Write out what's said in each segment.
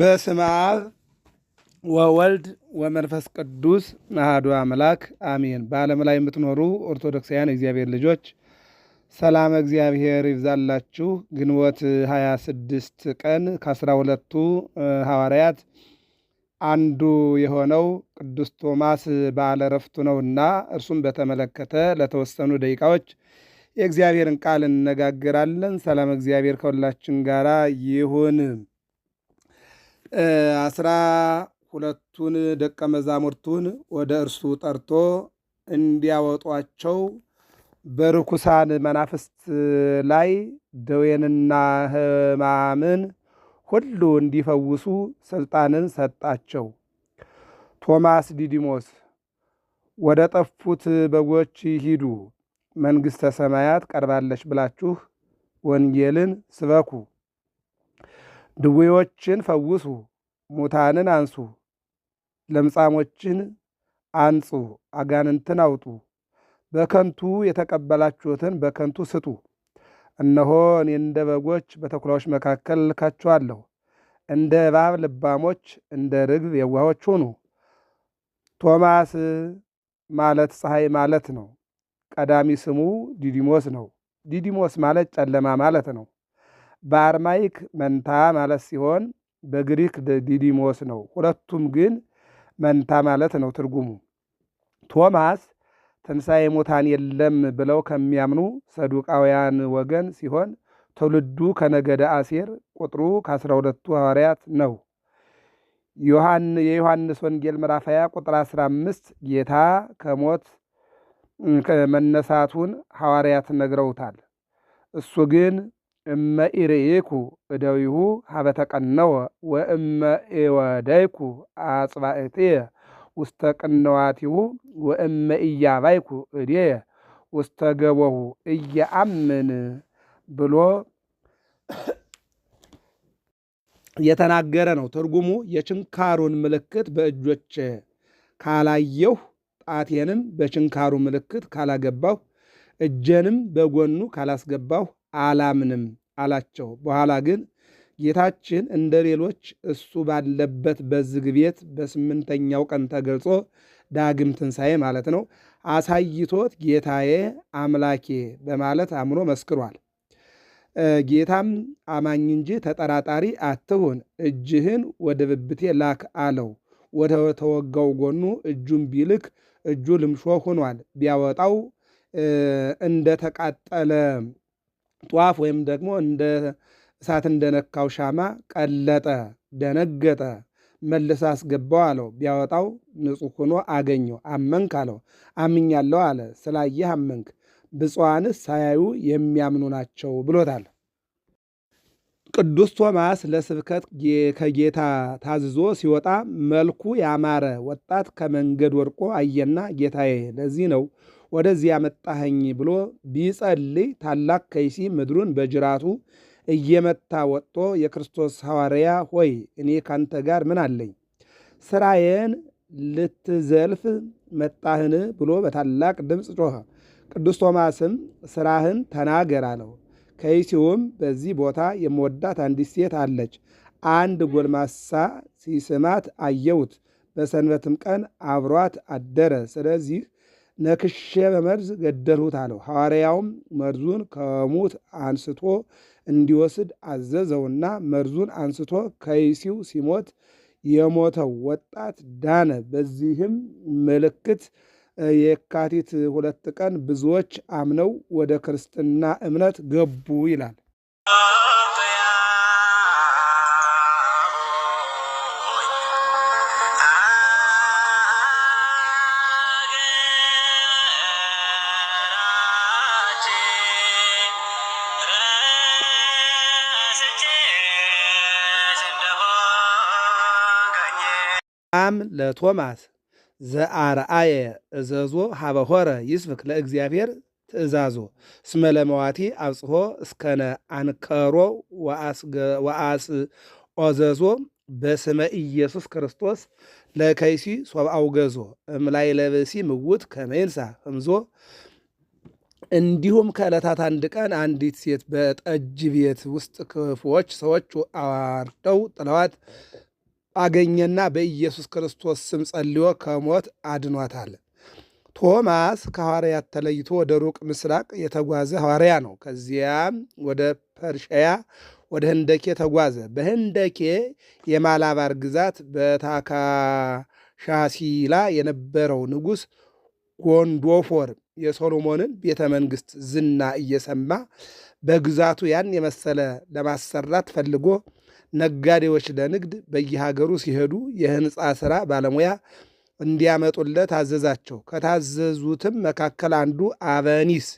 በስመ አብ ወወልድ ወመንፈስ ቅዱስ አሐዱ አምላክ አሜን። በዓለም ላይ የምትኖሩ ኦርቶዶክሳውያን እግዚአብሔር ልጆች ሰላም እግዚአብሔር ይብዛላችሁ። ግንቦት 26 ቀን ከአስራ ሁለቱ ሐዋርያት አንዱ የሆነው ቅዱስ ቶማስ በዓለ ዕረፍቱ ነውና እርሱም በተመለከተ ለተወሰኑ ደቂቃዎች የእግዚአብሔርን ቃል እንነጋገራለን። ሰላም እግዚአብሔር ከሁላችን ጋራ ይሁን። አስራ ሁለቱን ደቀ መዛሙርቱን ወደ እርሱ ጠርቶ እንዲያወጧቸው በርኩሳን መናፍስት ላይ ደዌንና ሕማምን ሁሉ እንዲፈውሱ ስልጣንን ሰጣቸው። ቶማስ ዲዲሞስ ወደ ጠፉት በጎች ሂዱ፣ መንግሥተ ሰማያት ቀርባለች ብላችሁ ወንጌልን ስበኩ ድዌዎችን ፈውሱ፣ ሙታንን አንሱ፣ ለምጻሞችን አንጹ፣ አጋንንትን አውጡ። በከንቱ የተቀበላችሁትን በከንቱ ስጡ። እነሆ እኔ እንደ በጎች በተኩላዎች መካከል ልካችኋለሁ። እንደ እባብ ልባሞች፣ እንደ ርግብ የዋሆች ሁኑ። ቶማስ ማለት ፀሐይ ማለት ነው። ቀዳሚ ስሙ ዲዲሞስ ነው። ዲዲሞስ ማለት ጨለማ ማለት ነው። በአርማይክ መንታ ማለት ሲሆን በግሪክ ዲዲሞስ ነው። ሁለቱም ግን መንታ ማለት ነው ትርጉሙ። ቶማስ ትንሣኤ ሙታን የለም ብለው ከሚያምኑ ሰዱቃውያን ወገን ሲሆን ትውልዱ ከነገደ አሴር ቁጥሩ ከአስራ ሁለቱ ሐዋርያት ነው። የዮሐንስ ወንጌል ምዕራፍ 20 ቁጥር 15 ጌታ ከሞት መነሳቱን ሐዋርያት ነግረውታል። እሱ ግን እመ ኢርኢኩ እደዊሁ ሀበ ተቀነወ ወእመ ኢወደይኩ አጽባእትየ ውስተ ቅንዋቲሁ ወእመ ኢያባይኩ እድየ ውስተ ገቦሁ እየአምን ብሎ የተናገረ ነው። ትርጉሙ የችንካሩን ምልክት በእጆች ካላየሁ ጣቴንም በችንካሩ ምልክት ካላገባሁ እጄንም በጎኑ ካላስገባሁ አላምንም አላቸው። በኋላ ግን ጌታችን እንደ ሌሎች እሱ ባለበት በዝግ ቤት በስምንተኛው ቀን ተገልጾ ዳግም ትንሣኤ ማለት ነው አሳይቶት ጌታዬ አምላኬ በማለት አምኖ መስክሯል። ጌታም አማኝ እንጂ ተጠራጣሪ አትሁን፣ እጅህን ወደ ብብቴ ላክ አለው። ወደ ተወጋው ጎኑ እጁን ቢልክ እጁ ልምሾ ሆኗል። ቢያወጣው እንደተቃጠለ ጧፍ ወይም ደግሞ እንደ እሳት እንደነካው ሻማ ቀለጠ፣ ደነገጠ። መልሰ አስገባው አለው። ቢያወጣው ንጹሕ ሆኖ አገኘው። አመንክ አለው። አምኛለሁ አለ። ስላየህ አመንክ፣ ብፁዓንስ ሳያዩ የሚያምኑ ናቸው ብሎታል። ቅዱስ ቶማስ ለስብከት ከጌታ ታዝዞ ሲወጣ መልኩ ያማረ ወጣት ከመንገድ ወድቆ አየና፣ ጌታዬ ለዚህ ነው ወደዚህ ያመጣኸኝ ብሎ ቢጸልይ ታላቅ ከይሲ ምድሩን በጅራቱ እየመታ ወጥቶ የክርስቶስ ሐዋርያ ሆይ እኔ ካንተ ጋር ምን አለኝ? ስራዬን ልትዘልፍ መጣህን? ብሎ በታላቅ ድምፅ ጮኸ። ቅዱስ ቶማስም ስራህን ተናገር አለው። ከይሲውም በዚህ ቦታ የምወዳት አንዲት ሴት አለች፣ አንድ ጎልማሳ ሲስማት አየሁት። በሰንበትም ቀን አብሯት አደረ። ስለዚህ ነክሼ በመርዝ ገደልሁት አለው። ሐዋርያውም መርዙን ከሙት አንስቶ እንዲወስድ አዘዘውና መርዙን አንስቶ ከይሲው ሲሞት የሞተው ወጣት ዳነ። በዚህም ምልክት የካቲት ሁለት ቀን ብዙዎች አምነው ወደ ክርስትና እምነት ገቡ ይላል። አም ለቶማስ ዘአርአየ እዘዞ ሀበሆረ ይስብክ ለእግዚአብሔር ትእዛዞ እስመ ለመዋቲ አብጽሖ እስከነ አንከሮ ወአስ ኦዘዞ በስመ ኢየሱስ ክርስቶስ ለከይሲ ሶብአው ገዞ እምላይ ለበሲ ምውት ከመይንሳ ህምዞ እንዲሁም ከዕለታት አንድ ቀን አንዲት ሴት በጠጅ ቤት ውስጥ ክፉዎች ሰዎች አዋርደው ጥለዋት አገኘና በኢየሱስ ክርስቶስ ስም ጸልዮ ከሞት አድኗታል። ቶማስ ከሐዋርያት ተለይቶ ወደ ሩቅ ምስራቅ የተጓዘ ሐዋርያ ነው። ከዚያም ወደ ፐርሻያ ወደ ህንደኬ ተጓዘ። በህንደኬ የማላባር ግዛት በታካሻሲላ የነበረው ንጉሥ ጎንዶፎር የሶሎሞንን ቤተ መንግሥት ዝና እየሰማ በግዛቱ ያን የመሰለ ለማሰራት ፈልጎ ነጋዴዎች ለንግድ በየሀገሩ ሲሄዱ የህንፃ ስራ ባለሙያ እንዲያመጡለት አዘዛቸው። ከታዘዙትም መካከል አንዱ አቨኒስ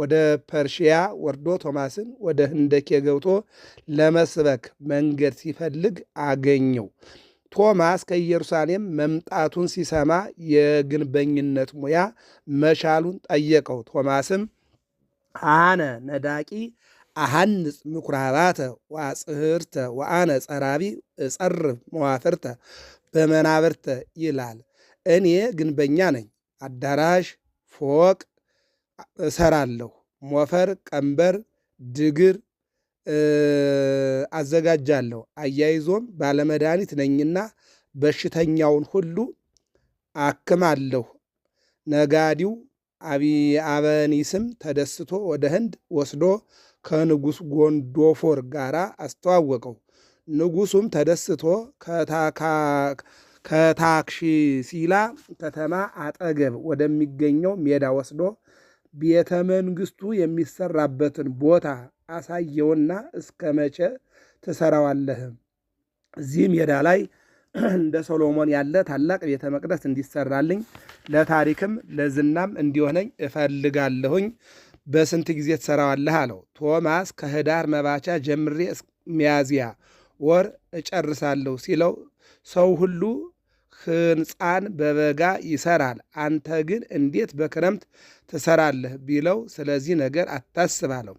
ወደ ፐርሺያ ወርዶ ቶማስን ወደ ህንደኬ ገብቶ ለመስበክ መንገድ ሲፈልግ አገኘው። ቶማስ ከኢየሩሳሌም መምጣቱን ሲሰማ የግንበኝነት ሙያ መሻሉን ጠየቀው። ቶማስም አነ ነዳቂ አሃንጽ ምኩራባተ ወአጽህርተ ወአነ ጸራቢ እጸርብ መዋፍርተ በመናብርተ ይላል። እኔ ግንበኛ ነኝ፣ አዳራሽ ፎቅ እሰራለሁ፣ ሞፈር፣ ቀንበር፣ ድግር አዘጋጃለሁ። አያይዞም ባለመድኃኒት ነኝና በሽተኛውን ሁሉ አክማለሁ። ነጋዴው አቢአበኒስም ተደስቶ ወደ ህንድ ወስዶ ከንጉሥ ጎንዶፎር ጋር አስተዋወቀው። ንጉሱም ተደስቶ ከታክሺሲላ ከተማ አጠገብ ወደሚገኘው ሜዳ ወስዶ ቤተ መንግስቱ የሚሰራበትን ቦታ አሳየውና እስከ መቼ ትሰራዋለህ? እዚህ ሜዳ ላይ እንደ ሶሎሞን ያለ ታላቅ ቤተ መቅደስ እንዲሰራልኝ ለታሪክም ለዝናም እንዲሆነኝ እፈልጋለሁኝ በስንት ጊዜ ትሰራዋለህ አለው። ቶማስ ከህዳር መባቻ ጀምሬ ሚያዝያ ወር እጨርሳለሁ ሲለው ሰው ሁሉ ሕንፃን በበጋ ይሰራል፣ አንተ ግን እንዴት በክረምት ትሰራለህ ቢለው ስለዚህ ነገር አታስባለው።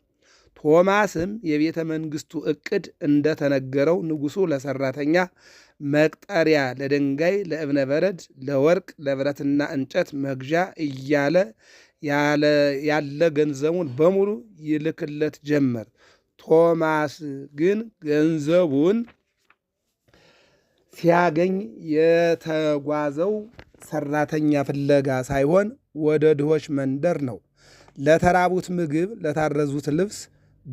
ቶማስም የቤተ መንግስቱ ዕቅድ እንደተነገረው ንጉሱ ለሰራተኛ፣ መቅጠሪያ ለድንጋይ፣ ለእብነ በረድ፣ ለወርቅ፣ ለብረትና እንጨት መግዣ እያለ ያለ ገንዘቡን በሙሉ ይልክለት ጀመር። ቶማስ ግን ገንዘቡን ሲያገኝ የተጓዘው ሰራተኛ ፍለጋ ሳይሆን ወደ ድሆች መንደር ነው። ለተራቡት ምግብ፣ ለታረዙት ልብስ፣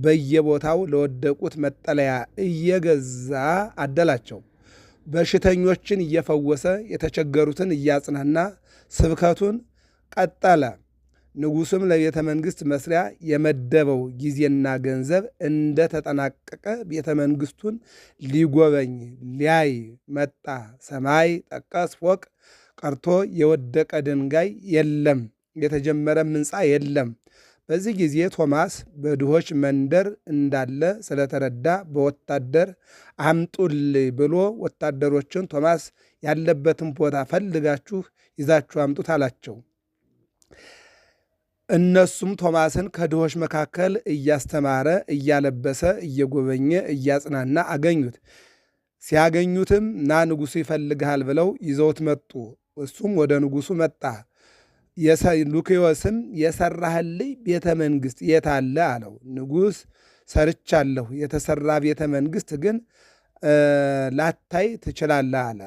በየቦታው ለወደቁት መጠለያ እየገዛ አደላቸው። በሽተኞችን እየፈወሰ የተቸገሩትን እያጽናና ስብከቱን ቀጠለ። ንጉሱም ለቤተ መንግሥት መስሪያ የመደበው ጊዜና ገንዘብ እንደ ተጠናቀቀ ቤተ መንግሥቱን ሊጎበኝ ሊያይ መጣ። ሰማይ ጠቀስ ፎቅ ቀርቶ የወደቀ ድንጋይ የለም፣ የተጀመረም ሕንፃ የለም። በዚህ ጊዜ ቶማስ በድሆች መንደር እንዳለ ስለተረዳ በወታደር አምጡልኝ ብሎ ወታደሮችን ቶማስ ያለበትን ቦታ ፈልጋችሁ ይዛችሁ አምጡት አላቸው። እነሱም ቶማስን ከድሆች መካከል እያስተማረ እያለበሰ እየጎበኘ እያጽናና አገኙት። ሲያገኙትም ና ንጉሱ ይፈልግሃል ብለው ይዘውት መጡ። እሱም ወደ ንጉሱ መጣ። ሉኪዮስም የሰራህልኝ ቤተ መንግሥት የት አለ አለው። ንጉሥ ሰርቻለሁ፣ የተሰራ ቤተ መንግሥት ግን ላታይ ትችላለህ አለ።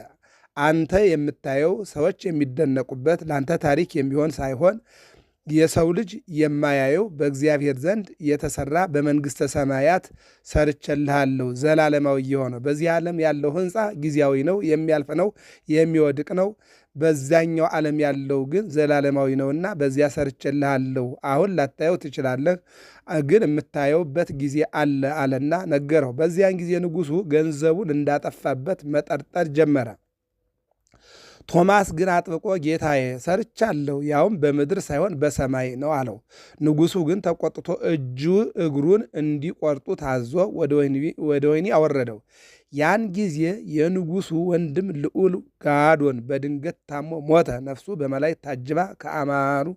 አንተ የምታየው ሰዎች የሚደነቁበት ለአንተ ታሪክ የሚሆን ሳይሆን የሰው ልጅ የማያየው በእግዚአብሔር ዘንድ የተሰራ በመንግሥተ ሰማያት ሰርቼልሃለሁ ዘላለማዊ የሆነ በዚህ ዓለም ያለው ሕንፃ ጊዜያዊ ነው፣ የሚያልፍ ነው፣ የሚወድቅ ነው። በዛኛው ዓለም ያለው ግን ዘላለማዊ ነውና በዚያ ሰርቼልሃለሁ። አሁን ላታየው ትችላለህ፣ ግን የምታየውበት ጊዜ አለ አለና ነገረው። በዚያን ጊዜ ንጉሡ ገንዘቡን እንዳጠፋበት መጠርጠር ጀመረ። ቶማስ ግን አጥብቆ ጌታዬ ሰርቻለሁ፣ ያውም በምድር ሳይሆን በሰማይ ነው አለው። ንጉሱ ግን ተቆጥቶ እጁ እግሩን እንዲቆርጡ ታዞ ወደ ወህኒ አወረደው። ያን ጊዜ የንጉሱ ወንድም ልዑል ጋዶን በድንገት ታሞ ሞተ። ነፍሱ በመላእክት ታጅባ ከአማሩ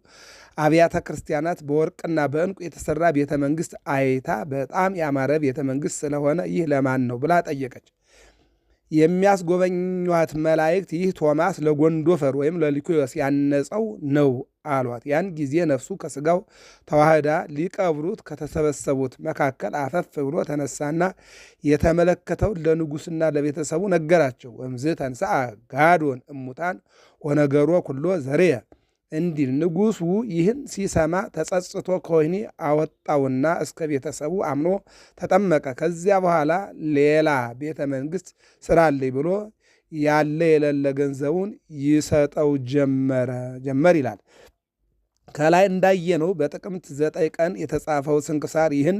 አብያተ ክርስቲያናት በወርቅና በዕንቁ የተሰራ ቤተ መንግስት አይታ በጣም ያማረ ቤተ መንግስት ስለሆነ ይህ ለማን ነው ብላ ጠየቀች። የሚያስጎበኟት መላእክት ይህ ቶማስ ለጎንዶፈር ወይም ለሊኩዮስ ያነጸው ነው አሏት። ያን ጊዜ ነፍሱ ከስጋው ተዋህዳ ሊቀብሩት ከተሰበሰቡት መካከል አፈፍ ብሎ ተነሳና የተመለከተው ለንጉሥና ለቤተሰቡ ነገራቸው። ወምዝ ተንሥአ ጋዶን እሙታን ወነገሮ ኩሎ ዘርየ እንዲል ንጉሱ ይህን ሲሰማ ተጸጽቶ ከወህኒ አወጣውና እስከ ቤተሰቡ አምኖ ተጠመቀ። ከዚያ በኋላ ሌላ ቤተ መንግሥት ስራልኝ ብሎ ያለ የሌለ ገንዘቡን ይሰጠው ጀመር ይላል። ከላይ እንዳየነው በጥቅምት ዘጠኝ ቀን የተጻፈው ስንክሳር ይህን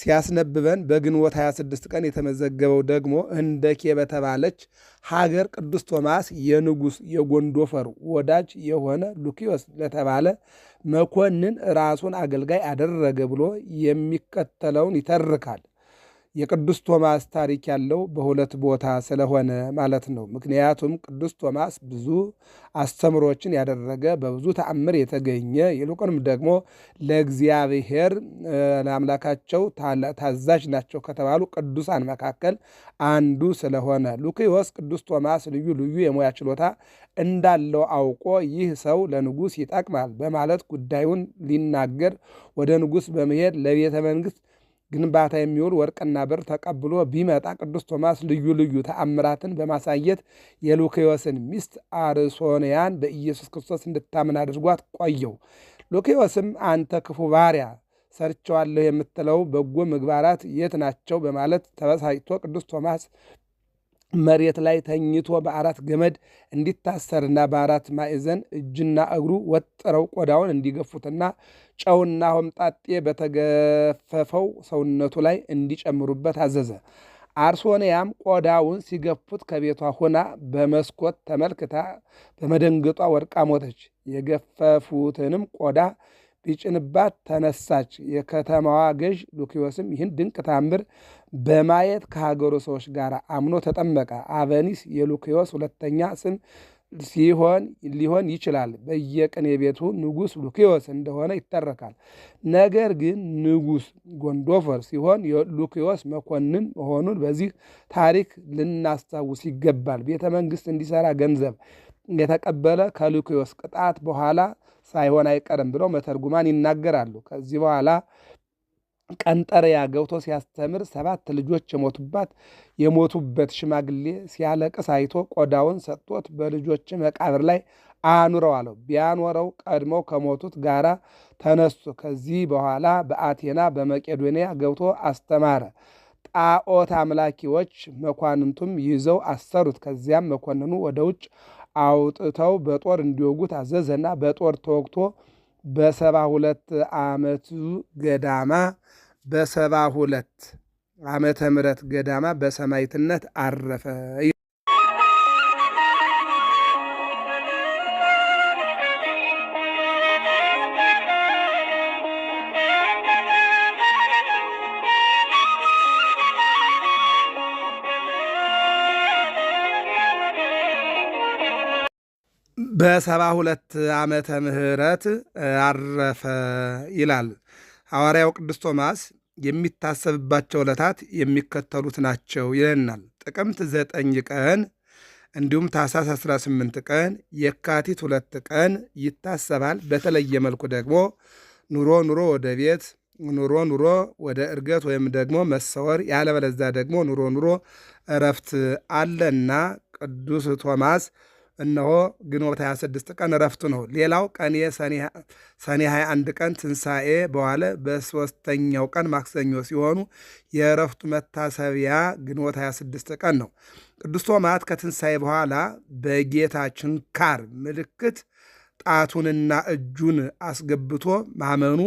ሲያስነብበን በግንቦት 26 ቀን የተመዘገበው ደግሞ እንደኬ በተባለች ሀገር ቅዱስ ቶማስ የንጉሥ የጎንዶፈር ወዳጅ የሆነ ሉኪዮስ ለተባለ መኮንን ራሱን አገልጋይ አደረገ ብሎ የሚከተለውን ይተርካል። የቅዱስ ቶማስ ታሪክ ያለው በሁለት ቦታ ስለሆነ ማለት ነው። ምክንያቱም ቅዱስ ቶማስ ብዙ አስተምሮችን ያደረገ በብዙ ተአምር የተገኘ ይልቁንም ደግሞ ለእግዚአብሔር ለአምላካቸው ታዛዥ ናቸው ከተባሉ ቅዱሳን መካከል አንዱ ስለሆነ ሉኪዮስ ቅዱስ ቶማስ ልዩ ልዩ የሙያ ችሎታ እንዳለው አውቆ ይህ ሰው ለንጉሥ ይጠቅማል በማለት ጉዳዩን ሊናገር ወደ ንጉሥ በመሄድ ለቤተ መንግሥት ግንባታ የሚውል ወርቅና ብር ተቀብሎ ቢመጣ ቅዱስ ቶማስ ልዩ ልዩ ተአምራትን በማሳየት የሉኬዎስን ሚስት አርሶንያን በኢየሱስ ክርስቶስ እንድታምን አድርጓት ቆየው። ሉኬዎስም አንተ ክፉ ባሪያ ሰርቸዋለሁ የምትለው በጎ ምግባራት የት ናቸው? በማለት ተበሳጭቶ ቅዱስ ቶማስ መሬት ላይ ተኝቶ በአራት ገመድ እንዲታሰርና በአራት ማዕዘን እጅና እግሩ ወጥረው ቆዳውን እንዲገፉትና ጨውና ሆምጣጤ በተገፈፈው ሰውነቱ ላይ እንዲጨምሩበት አዘዘ። አርሶንያም ቆዳውን ሲገፉት ከቤቷ ሆና በመስኮት ተመልክታ በመደንገጧ ወድቃ ሞተች። የገፈፉትንም ቆዳ ሊጭንባት ተነሳች። የከተማዋ ገዥ ሉኪዮስም ይህን ድንቅ ታምር በማየት ከሀገሩ ሰዎች ጋር አምኖ ተጠመቀ። አቨኒስ የሉኪዮስ ሁለተኛ ስም ሲሆን ሊሆን ይችላል። በየቅኔ ቤቱ ንጉሥ ሉኪዮስ እንደሆነ ይተረካል። ነገር ግን ንጉሥ ጎንዶፈር ሲሆን የሉኪዮስ መኮንን መሆኑን በዚህ ታሪክ ልናስታውስ ይገባል። ቤተ መንግሥት እንዲሠራ ገንዘብ የተቀበለ ከሉኪዮስ ቅጣት በኋላ ሳይሆን አይቀርም ብለው መተርጉማን ይናገራሉ። ከዚህ በኋላ ቀንጠሪያ ገብቶ ሲያስተምር ሰባት ልጆች የሞቱባት የሞቱበት ሽማግሌ ሲያለቅስ አይቶ ቆዳውን ሰጥቶት በልጆች መቃብር ላይ አኑረው አለው። ቢያኖረው ቀድመው ከሞቱት ጋራ ተነሱ። ከዚህ በኋላ በአቴና በመቄዶንያ ገብቶ አስተማረ። ጣዖት አምላኪዎች መኳንንቱም ይዘው አሰሩት። ከዚያም መኮንኑ ወደ ውጭ አውጥተው በጦር እንዲወጉት አዘዘና በጦር ተወግቶ በሰባ ሁለት ዓመቱ ገዳማ በሰባ ሁለት ዓመተ ምሕረት ገዳማ በሰማይትነት አረፈ። በሰባ ሁለት ዓመተ ምህረት አረፈ ይላል ሐዋርያው ቅዱስ ቶማስ። የሚታሰብባቸው ዕለታት የሚከተሉት ናቸው ይለናል። ጥቅምት ዘጠኝ ቀን እንዲሁም ታኅሳስ 18 ቀን፣ የካቲት ሁለት ቀን ይታሰባል። በተለየ መልኩ ደግሞ ኑሮ ኑሮ ወደ ቤት ኑሮ ኑሮ ወደ እርገት ወይም ደግሞ መሰወር ያለበለዛ ደግሞ ኑሮ ኑሮ እረፍት አለና ቅዱስ ቶማስ እነሆ ግንቦት 26 ቀን እረፍቱ ነው። ሌላው ቀን ሰኔ 21 ቀን ትንሣኤ በኋለ በሦስተኛው ቀን ማክሰኞ ሲሆኑ የእረፍቱ መታሰቢያ ግንቦት 26 ቀን ነው። ቅዱስ ቶማት ከትንሣኤ በኋላ በጌታ ችንካር ምልክት ጣቱንና እጁን አስገብቶ ማመኑ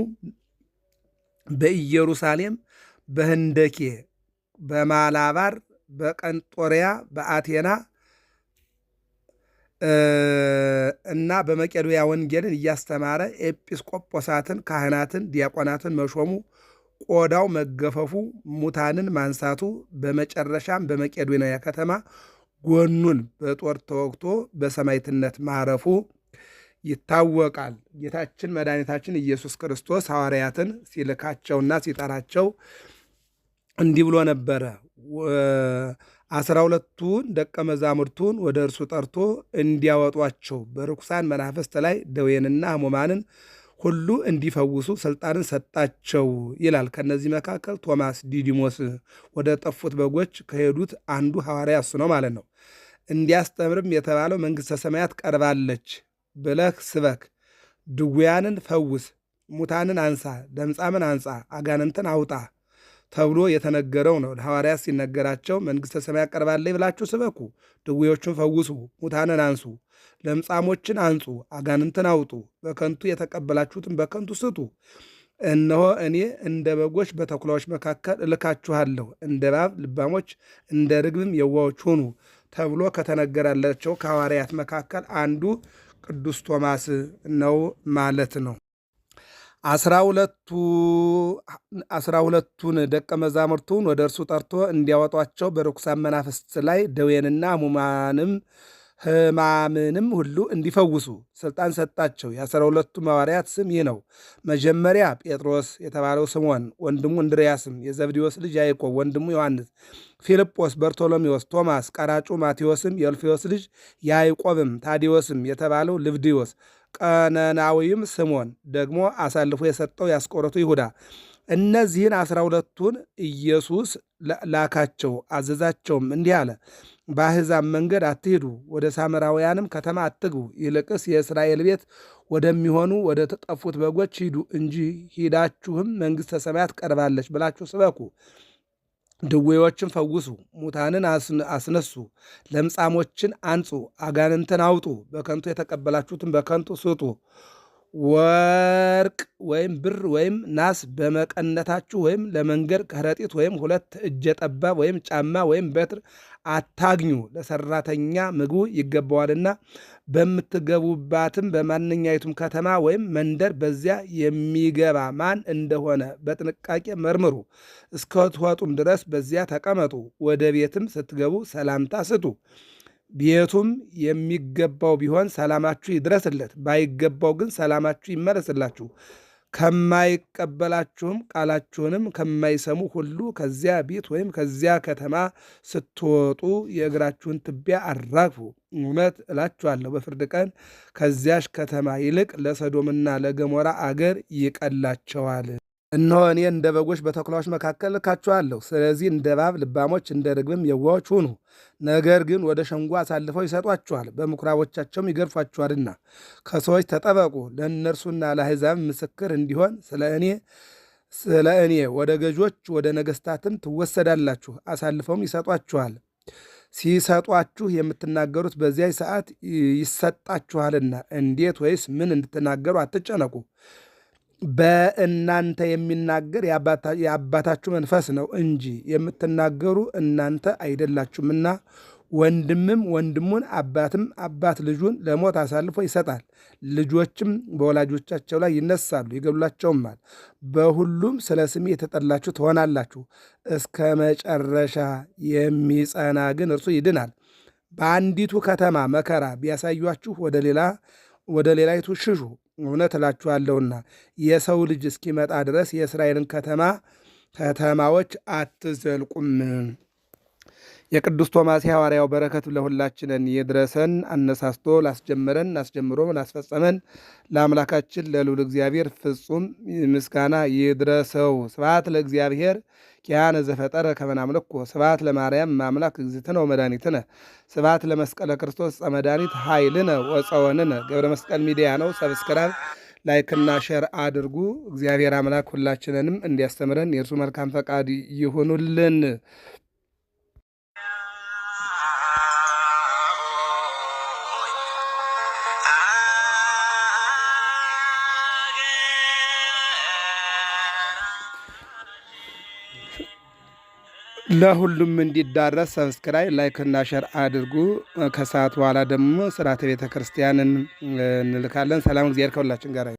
በኢየሩሳሌም በህንደኬ በማላባር በቀንጦሪያ በአቴና እና በመቄዶያ ወንጌልን እያስተማረ ኤጲስቆጶሳትን፣ ካህናትን፣ ዲያቆናትን መሾሙ ቆዳው መገፈፉ ሙታንን ማንሳቱ በመጨረሻም በመቄዶንያ ከተማ ጎኑን በጦር ተወግቶ በሰማዕትነት ማረፉ ይታወቃል። ጌታችን መድኃኒታችን ኢየሱስ ክርስቶስ ሐዋርያትን ሲልካቸውና ሲጠራቸው እንዲህ ብሎ ነበረ አስራ ሁለቱን ደቀ መዛሙርቱን ወደ እርሱ ጠርቶ እንዲያወጧቸው በርኩሳን መናፍስት ላይ ደዌንና ሕሙማንን ሁሉ እንዲፈውሱ ስልጣንን ሰጣቸው ይላል። ከእነዚህ መካከል ቶማስ ዲዲሞስ ወደ ጠፉት በጎች ከሄዱት አንዱ ሐዋርያ እሱ ነው ማለት ነው። እንዲያስተምርም የተባለው መንግሥተ ሰማያት ቀርባለች ብለህ ስበክ፣ ድውያንን ፈውስ፣ ሙታንን አንሳ፣ ደምፃምን አንጻ፣ አጋንንትን አውጣ ተብሎ የተነገረው ነው። ለሐዋርያት ሲነገራቸው መንግሥተ ሰማያት ቀርባለች ብላችሁ ስበኩ፣ ድዌዎችን ፈውሱ፣ ሙታንን አንሱ፣ ለምጻሞችን አንጹ፣ አጋንንትን አውጡ፣ በከንቱ የተቀበላችሁትን በከንቱ ስጡ። እነሆ እኔ እንደ በጎች በተኩላዎች መካከል እልካችኋለሁ፣ እንደ እባብ ልባሞች፣ እንደ ርግብም የዋዎች ሁኑ ተብሎ ከተነገራላቸው ከሐዋርያት መካከል አንዱ ቅዱስ ቶማስ ነው ማለት ነው። አስራ ሁለቱን ደቀ መዛሙርቱን ወደ እርሱ ጠርቶ እንዲያወጧቸው በርኩሳን መናፍስት ላይ ደዌንና ሙማንም ሕማምንም ሁሉ እንዲፈውሱ ሥልጣን ሰጣቸው። የአስራ ሁለቱ ሐዋርያት ስም ይህ ነው። መጀመሪያ ጴጥሮስ የተባለው ስምዖን፣ ወንድሙ እንድርያስም፣ የዘብዴዎስ ልጅ ያዕቆብ፣ ወንድሙ ዮሐንስ፣ ፊልጶስ፣ በርቶሎሜዎስ፣ ቶማስ ቀራጩ፣ ማቴዎስም፣ የልፌዎስ ልጅ ያዕቆብም፣ ታዲዎስም የተባለው ልብድዮስ ቀነናዊም ስሞን ደግሞ አሳልፎ የሰጠው ያስቆረቱ ይሁዳ እነዚህን አስራ ሁለቱን ኢየሱስ ላካቸው አዘዛቸውም እንዲህ አለ በአሕዛብ መንገድ አትሂዱ ወደ ሳምራውያንም ከተማ አትግቡ ይልቅስ የእስራኤል ቤት ወደሚሆኑ ወደ ተጠፉት በጎች ሂዱ እንጂ ሂዳችሁም መንግሥተ ሰማያት ቀርባለች ብላችሁ ስበኩ ድዌዎችን ፈውሱ፣ ሙታንን አስነሱ፣ ለምጻሞችን አንጹ፣ አጋንንትን አውጡ፣ በከንቱ የተቀበላችሁትን በከንቱ ስጡ ወርቅ ወይም ብር ወይም ናስ በመቀነታችሁ ወይም ለመንገድ ከረጢት ወይም ሁለት እጀ ጠባብ ወይም ጫማ ወይም በትር አታግኙ፣ ለሰራተኛ ምግቡ ይገባዋልና። በምትገቡባትም በማንኛይቱም ከተማ ወይም መንደር በዚያ የሚገባ ማን እንደሆነ በጥንቃቄ መርምሩ። እስከትወጡም ድረስ በዚያ ተቀመጡ። ወደ ቤትም ስትገቡ ሰላምታ ስጡ። ቤቱም የሚገባው ቢሆን ሰላማችሁ ይድረስለት፣ ባይገባው ግን ሰላማችሁ ይመለስላችሁ። ከማይቀበላችሁም ቃላችሁንም ከማይሰሙ ሁሉ ከዚያ ቤት ወይም ከዚያ ከተማ ስትወጡ የእግራችሁን ትቢያ አራግፉ። እውነት እላችኋለሁ በፍርድ ቀን ከዚያሽ ከተማ ይልቅ ለሰዶምና ለገሞራ አገር ይቀላቸዋል። እነሆ እኔ እንደ በጎች በተኩላዎች መካከል እልካችኋለሁ። ስለዚህ እንደ እባብ ልባሞች፣ እንደ ርግብም የዋዎች ሁኑ። ነገር ግን ወደ ሸንጎ አሳልፈው ይሰጧችኋል፣ በምኩራቦቻቸውም ይገርፏችኋልና ከሰዎች ተጠበቁ። ለእነርሱና ለአሕዛብ ምስክር እንዲሆን ስለ እኔ ስለ እኔ ወደ ገዦች ወደ ነገሥታትም ትወሰዳላችሁ፣ አሳልፈውም ይሰጧችኋል። ሲሰጧችሁ የምትናገሩት በዚያ ሰዓት ይሰጣችኋልና፣ እንዴት ወይስ ምን እንድትናገሩ አትጨነቁ። በእናንተ የሚናገር የአባታችሁ መንፈስ ነው እንጂ የምትናገሩ እናንተ አይደላችሁምና ወንድምም ወንድሙን አባትም አባት ልጁን ለሞት አሳልፎ ይሰጣል። ልጆችም በወላጆቻቸው ላይ ይነሳሉ ይገድሏቸውማል። በሁሉም ስለ ስሜ የተጠላችሁ ትሆናላችሁ። እስከ መጨረሻ የሚጸና ግን እርሱ ይድናል። በአንዲቱ ከተማ መከራ ቢያሳዩችሁ ወደ ሌላ ወደ ሌላይቱ ሽሹ። እውነት እላችኋለሁና የሰው ልጅ እስኪመጣ ድረስ የእስራኤልን ከተማ ከተማዎች አትዘልቁም። የቅዱስ ቶማስ የሐዋርያው በረከቱ ለሁላችንን የድረሰን። አነሳስቶ ላስጀመረን አስጀምሮ ላስፈጸመን ለአምላካችን ለልዑል እግዚአብሔር ፍጹም ምስጋና ይድረሰው። ስብሐት ለእግዚአብሔር ኪያነ ዘፈጠረ ከመናምልኮ ስብሐት ለማርያም ማምላክ እግዝእትነ ወመድኃኒትነ ስብሐት ለመስቀለ ክርስቶስ መድኃኒት ኃይልነ ወፀወንነ። ገብረ መስቀል ሚዲያ ነው። ሰብስክራይብ ላይክና ሸር አድርጉ። እግዚአብሔር አምላክ ሁላችንንም እንዲያስተምረን የእርሱ መልካም ፈቃድ ይሁኑልን። ለሁሉም እንዲዳረስ ሰብስክራይብ፣ ላይክ እና ሸር አድርጉ። ከሰዓት በኋላ ደግሞ ስርዓተ ቤተ እንልካለን። ሰላም እግዚአብሔር ከሁላችን ጋር